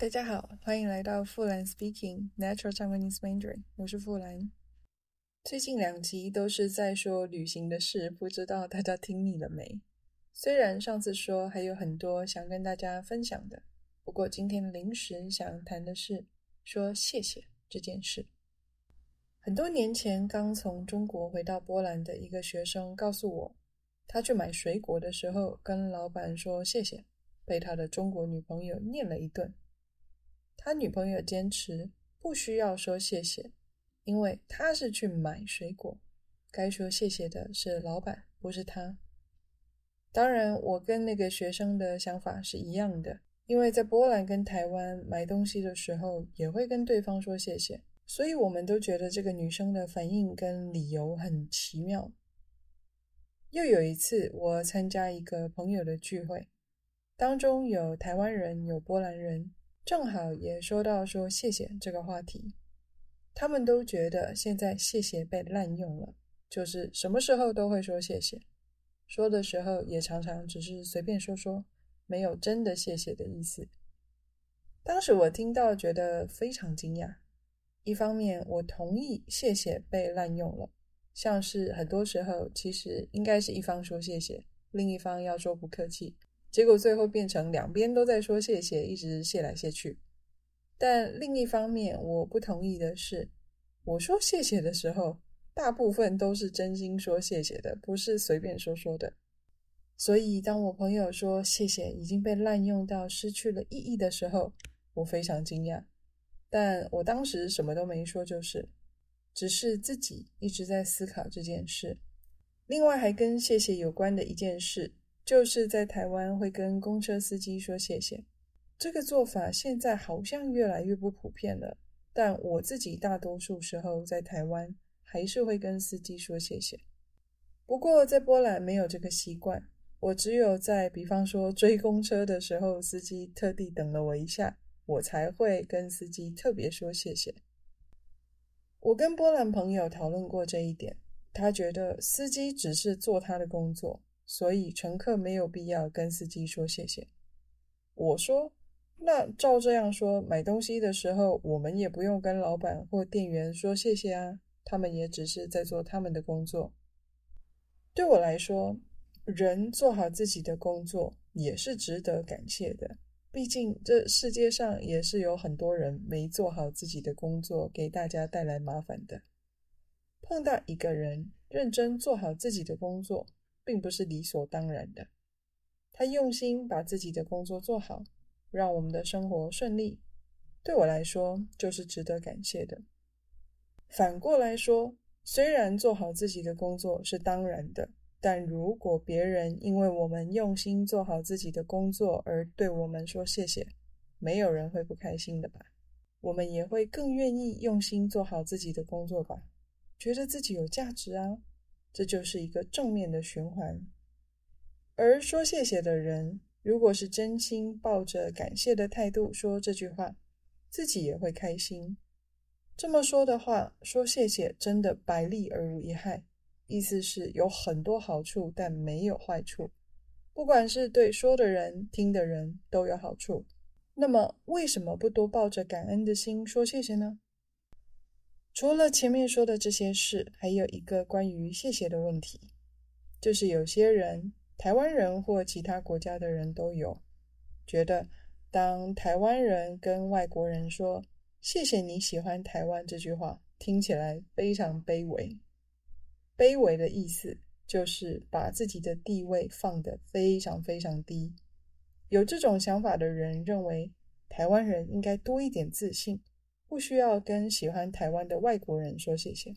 大家好，歡迎來到富蘭 Speaking Natural Chinese Mandarin。我是富蘭。最近兩集都是在說旅行的事，不知道大家聽膩了沒？雖然上次說還有很多想跟大家分享的，不過今天臨時想談的是說謝謝這件事。很多年前，剛從中國回到波蘭的一個學生告訴我，他去買水果的時候跟老闆說謝謝，被他的中國女朋友念了一頓。他女朋友堅持不需要說謝謝，因為他是去買水果，該說謝謝的是老闆，不是他。當然，我跟那個學生的想法是一樣的，因為在波蘭跟台灣買東西的時候也會跟對方說謝謝，所以我們都覺得這個女生的反應跟理由很奇妙。又有一次，我參加一個朋友的聚會，當中有台灣人，有波蘭人。正好也說到說謝謝這個話題，他們都覺得現在謝謝被濫用了，就是什麼時候都會說謝謝，說的時候也常常只是隨便說說，沒有真的謝謝的意思。當時我聽到覺得非常驚訝，一方面我同意謝謝被濫用了，像是很多時候其實應該是一方說謝謝，另一方要說不客氣。結果最後變成兩邊都在說謝謝，一直謝來謝去。但另一方面，我不同意的是，我說謝謝的時候，大部分都是真心說謝謝的，不是隨便說說的。所以，當我朋友說謝謝已經被濫用到失去了意義的時候，我非常驚訝。但我當時什麼都沒說，就是只是自己一直在思考這件事。另外，還跟謝謝有關的一件事。就是在台灣會跟公車司機說謝謝，這個做法現在好像越來越不普遍了。但我自己大多數時候在台灣還是會跟司機說謝謝。不過在波蘭沒有這個習慣，我只有在比方說追公車的時候，司機特地等了我一下，我才會跟司機特別說謝謝。我跟波蘭朋友討論過這一點，他覺得司機只是做他的工作。所以，乘客沒有必要跟司機說謝謝。我說，那照這樣說，買東西的時候，我們也不用跟老闆或店員說謝謝啊？他們也只是在做他們的工作。對我來說，人做好自己的工作也是值得感謝的。畢竟，這世界上也是有很多人沒做好自己的工作，給大家帶來麻煩的。碰到一個人認真做好自己的工作，並不是理所當然的。他用心把自己的工作做好，讓我們的生活順利，對我來說就是值得感謝的。反過來說，雖然做好自己的工作是當然的，但如果別人因為我們用心做好自己的工作而對我們說謝謝，沒有人會不開心的吧？我們也會更願意用心做好自己的工作吧？覺得自己有價值啊。這就是一個正面的循環。而說謝謝的人，如果是真心抱着感謝的態度說這句話，自己也會開心。這麼說的話，說謝謝真的百利而無一害，意思是有很多好處，但沒有壞處。不管是對說的人、聽的人都有好處。那麼，為什麼不多抱着感恩的心說謝謝呢？除了前面說的這些事，還有一個關於“謝謝”的問題，就是有些人，台灣人或其他國家的人都有，覺得當台灣人跟外國人說“謝謝你喜歡台灣”這句話，聽起來非常卑微。卑微的意思就是把自己的地位放得非常非常低。有這種想法的人認為，台灣人應該多一點自信。不需要跟喜歡台灣的外國人說謝謝。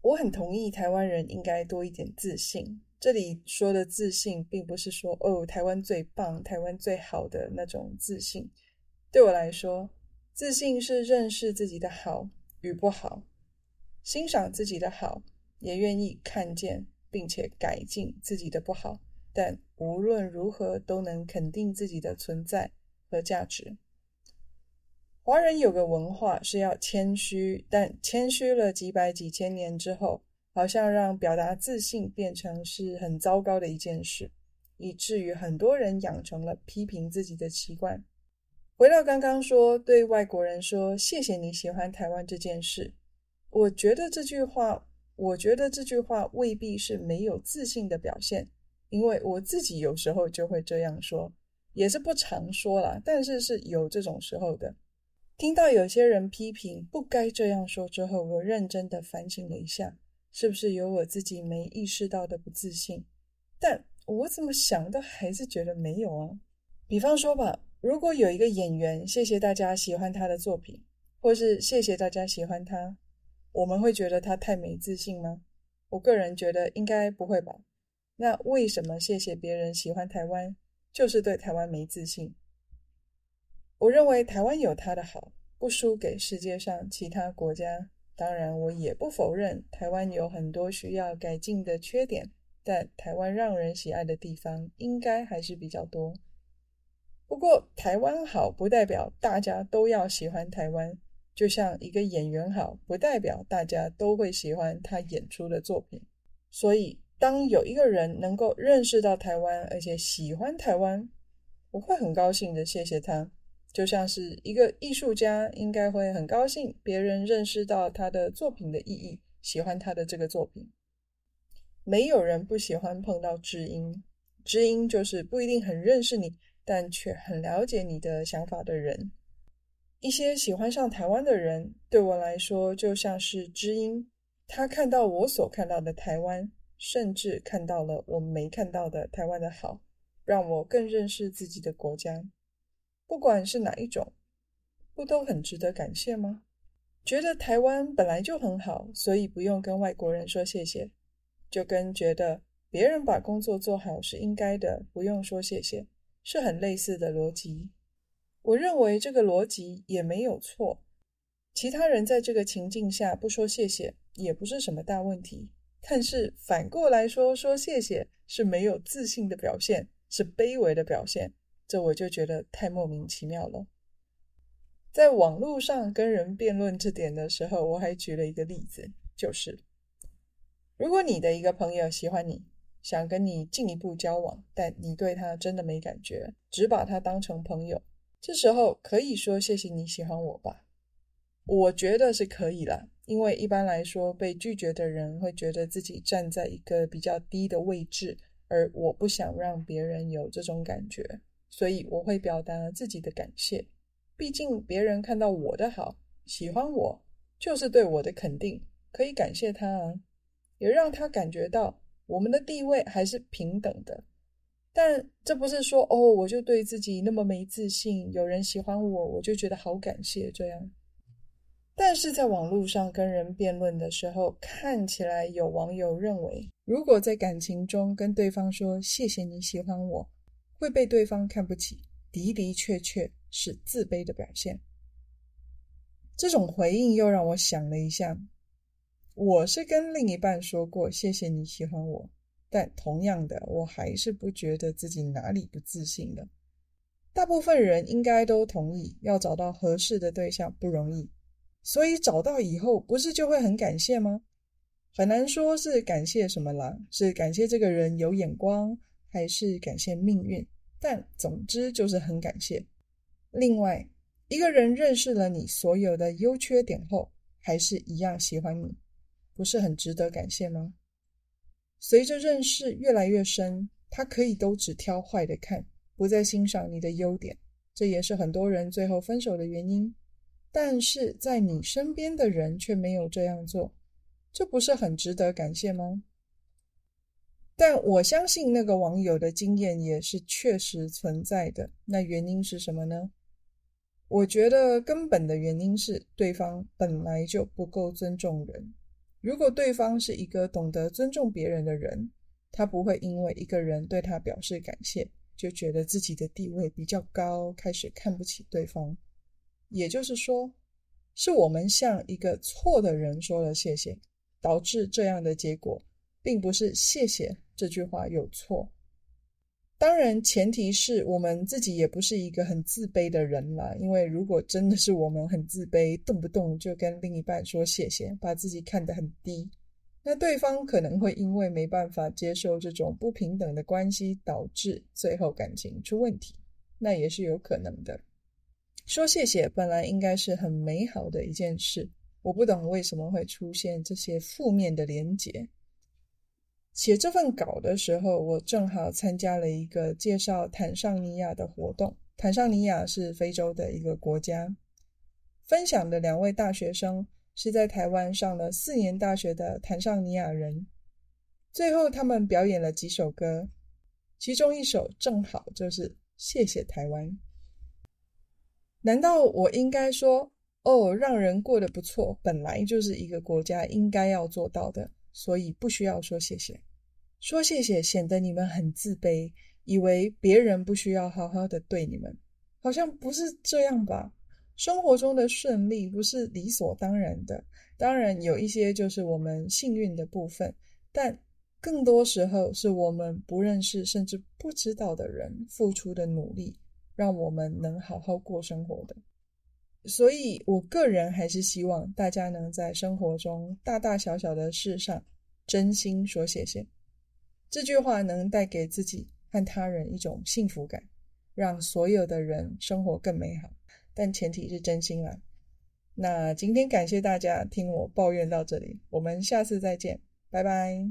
我很同意台灣人應該多一點自信。這裡說的自信，並不是說“哦，台灣最棒，台灣最好”的那種自信。對我來說，自信是認識自己的好與不好，欣賞自己的好，也願意看見並且改進自己的不好，但無論如何都能肯定自己的存在和價值。華人有個文化是要謙虛，但謙虛了幾百幾千年之後，好像讓表達自信變成是很糟糕的一件事，以至於很多人養成了批評自己的習慣。回到剛剛說，對外國人說“謝謝你喜歡台灣”這件事，我覺得這句話，我覺得這句話未必是沒有自信的表現，因為我自己有時候就會這樣說，也是不常說啦，但是是有這種時候的。聽到有些人批評不該這樣說之後，我認真地反省了一下，是不是有我自己沒意識到的不自信？但我怎麼想都還是覺得沒有啊。比方說吧，如果有一個演員，謝謝大家喜歡他的作品，或是謝謝大家喜歡他，我們會覺得他太沒自信嗎？我個人覺得應該不會吧。那為什麼謝謝別人喜歡台灣，就是對台灣沒自信？我認為台灣有他的好，不輸給世界上其他國家。當然，我也不否認台灣有很多需要改進的缺點，但台灣讓人喜愛的地方應該還是比較多。不過，台灣好不代表大家都要喜歡台灣。就像一個演員好，不代表大家都會喜歡他演出的作品。所以，當有一個人能夠認識到台灣，而且喜歡台灣，我會很高興地謝謝他。就像是一個藝術家，應該會很高興別人認識到他的作品的意義，喜歡他的這個作品。沒有人不喜歡碰到知音，知音就是不一定很認識你，但卻很了解你的想法的人。一些喜歡上台灣的人，對我來說就像是知音。他看到我所看到的台灣，甚至看到了我沒看到的台灣的好，讓我更認識自己的國家。不管是哪一種，不都很值得感謝嗎？覺得台灣本來就很好，所以不用跟外國人說謝謝，就跟覺得別人把工作做好是應該的，不用說謝謝，是很類似的邏輯。我認為這個邏輯也沒有錯，其他人在這個情境下不說謝謝也不是什麼大問題。但是反過來說，說謝謝是沒有自信的表現，是卑微的表現。這我就覺得太莫名其妙了。在網絡上跟人辯論這點的時候，我還舉了一個例子，就是如果你的一個朋友喜歡你，想跟你進一步交往，但你對他真的沒感覺，只把他當成朋友，這時候可以說“謝謝你喜歡我吧”，我覺得是可以啦，因為一般來說，被拒絕的人會覺得自己站在一個比較低的位置，而我不想讓別人有這種感覺。所以我會表達自己的感謝，畢竟別人看到我的好，喜歡我，就是對我的肯定，可以感謝他，啊，也讓他感覺到我們的地位還是平等的。但這不是說哦，我就對自己那麼沒自信，有人喜歡我，我就覺得好感謝這樣，啊。但是在網絡上跟人辯論的時候，看起來有網友認為，如果在感情中跟對方說，謝謝你喜歡我。會被對方看不起，的的確確是自卑的表現。這種回應又讓我想了一下，我是跟另一半說過“謝謝你喜歡我”，但同樣的，我還是不覺得自己哪裡不自信的。大部分人應該都同意，要找到合適的對象不容易，所以找到以後不是就會很感謝嗎？很難說是感謝什麼啦，是感謝這個人有眼光。還是感謝命運，但總之就是很感謝。另外，一個人認識了你所有的優缺點後，還是一樣喜歡你，不是很值得感謝嗎？隨着認識越來越深，他可以都只挑壞的看，不再欣賞你的優點，這也是很多人最後分手的原因。但是在你身邊的人卻沒有這樣做，這不是很值得感謝嗎？但我相信那個網友的經驗也是確實存在的。那原因是什麼呢？我覺得根本的原因是對方本來就不夠尊重人。如果對方是一個懂得尊重別人的人，他不會因為一個人對他表示感謝，就覺得自己的地位比較高，開始看不起對方。也就是說，是我們向一個錯的人說了謝謝，導致這樣的結果，並不是謝謝。這句話有錯，當然前提是我們自己也不是一個很自卑的人啦。因為如果真的是我們很自卑，動不動就跟另一半說謝謝，把自己看得很低，那對方可能會因為沒辦法接受這種不平等的關係，導致最後感情出問題，那也是有可能的。說謝謝本來應該是很美好的一件事，我不懂為什麼會出現這些負面的連結。寫這份稿的時候，我正好參加了一個介紹坦桑尼亞的活動。坦桑尼亞是非洲的一個國家。分享的兩位大學生是在台灣上了四年大學的坦桑尼亞人。最後，他們表演了幾首歌，其中一首正好就是《謝謝台灣》。難道我應該說：“哦，讓人過得不錯，本來就是一個國家應該要做到的，所以不需要說謝謝。”說謝謝顯得你們很自卑，以為別人不需要好好的對你們，好像不是這樣吧？生活中的順利不是理所當然的，當然有一些就是我們幸運的部分，但更多時候是我們不認識甚至不知道的人付出的努力，讓我們能好好過生活的。所以，我個人還是希望大家能在生活中大大小小的事上真心說謝謝。這句話能帶給自己和他人一種幸福感，讓所有的人生活更美好。但前提是真心啦、啊。那今天感謝大家聽我抱怨到這裡，我們下次再見，拜拜。